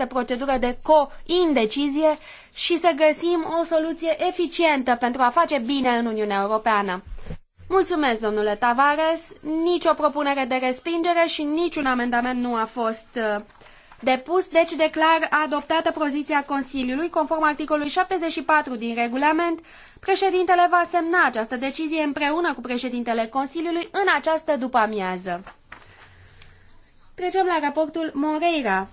această procedură de co-indecizie și să găsim o soluție eficientă pentru a face bine în Uniunea Europeană. Mulțumesc, domnule Tavares. Nicio propunere de respingere și niciun amendament nu a fost uh, depus, deci declar adoptată poziția Consiliului, conform articolului 74 din regulament. Președintele va semna această decizie împreună cu președintele Consiliului în această după-amiază. Trecem la raportul Moreira.